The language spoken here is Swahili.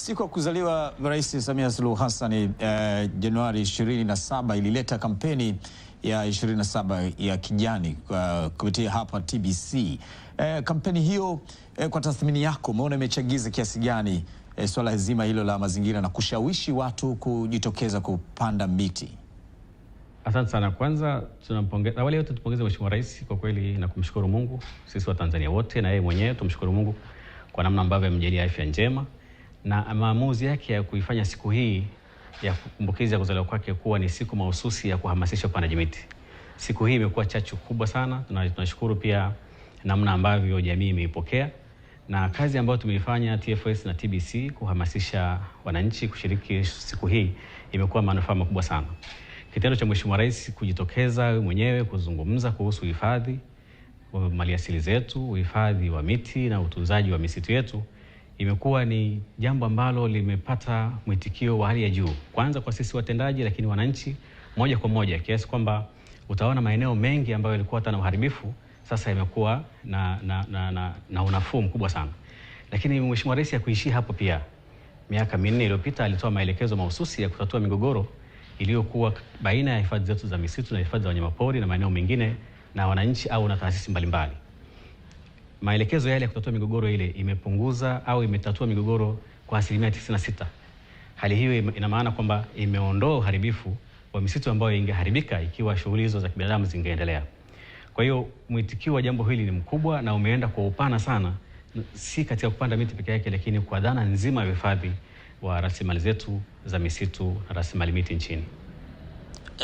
Siku ya kuzaliwa Rais Samia Suluhu Hassan eh, Januari 27 ilileta kampeni ya 27 ya kijani uh, kupitia hapa TBC. Eh, kampeni hiyo eh, kwa tathmini yako umeona imechagiza kiasi gani eh, swala zima hilo la mazingira na kushawishi watu kujitokeza kupanda miti? Asante sana. Kwanza tunampongeza, awali yote tupongeze Mheshimiwa Rais kwa kweli na kumshukuru Mungu, sisi Watanzania wote na yeye mwenyewe tumshukuru Mungu kwa namna ambavyo amejalia afya njema na maamuzi yake ya kuifanya siku hii ya kumbukizi ya kuzaliwa kwake kuwa ni siku mahususi ya kuhamasisha upandaji miti. Siku hii imekuwa chachu kubwa sana. Tunashukuru pia namna ambavyo jamii imeipokea na kazi ambayo tumeifanya TFS na TBC kuhamasisha wananchi kushiriki siku hii imekuwa manufaa makubwa sana. Kitendo cha Mheshimiwa Rais kujitokeza mwenyewe kuzungumza kuhusu uhifadhi wa maliasili zetu, uhifadhi wa miti na utunzaji wa misitu yetu imekuwa ni jambo ambalo limepata mwitikio wa hali ya juu, kwanza kwa sisi watendaji, lakini wananchi moja kwa moja, kiasi kwamba utaona maeneo mengi ambayo yalikuwa hata na uharibifu sasa yamekuwa na, na, na, na, na unafuu mkubwa sana. Lakini Mheshimiwa Rais hakuishia hapo pia. Miaka minne iliyopita alitoa maelekezo mahususi ya kutatua migogoro iliyokuwa baina ya hifadhi zetu za misitu na hifadhi za wanyamapori na maeneo mengine na wananchi au na taasisi mbalimbali maelekezo yale ya kutatua migogoro ile imepunguza au imetatua migogoro kwa asilimia 96. Hali hiyo ina maana kwamba imeondoa uharibifu wa misitu ambayo ingeharibika ikiwa shughuli hizo za kibinadamu zingeendelea. Kwa hiyo mwitikio wa jambo hili ni mkubwa na umeenda kwa upana sana, si katika kupanda miti peke yake, lakini kwa dhana nzima ya uhifadhi wa rasilimali zetu za misitu na rasilimali miti nchini.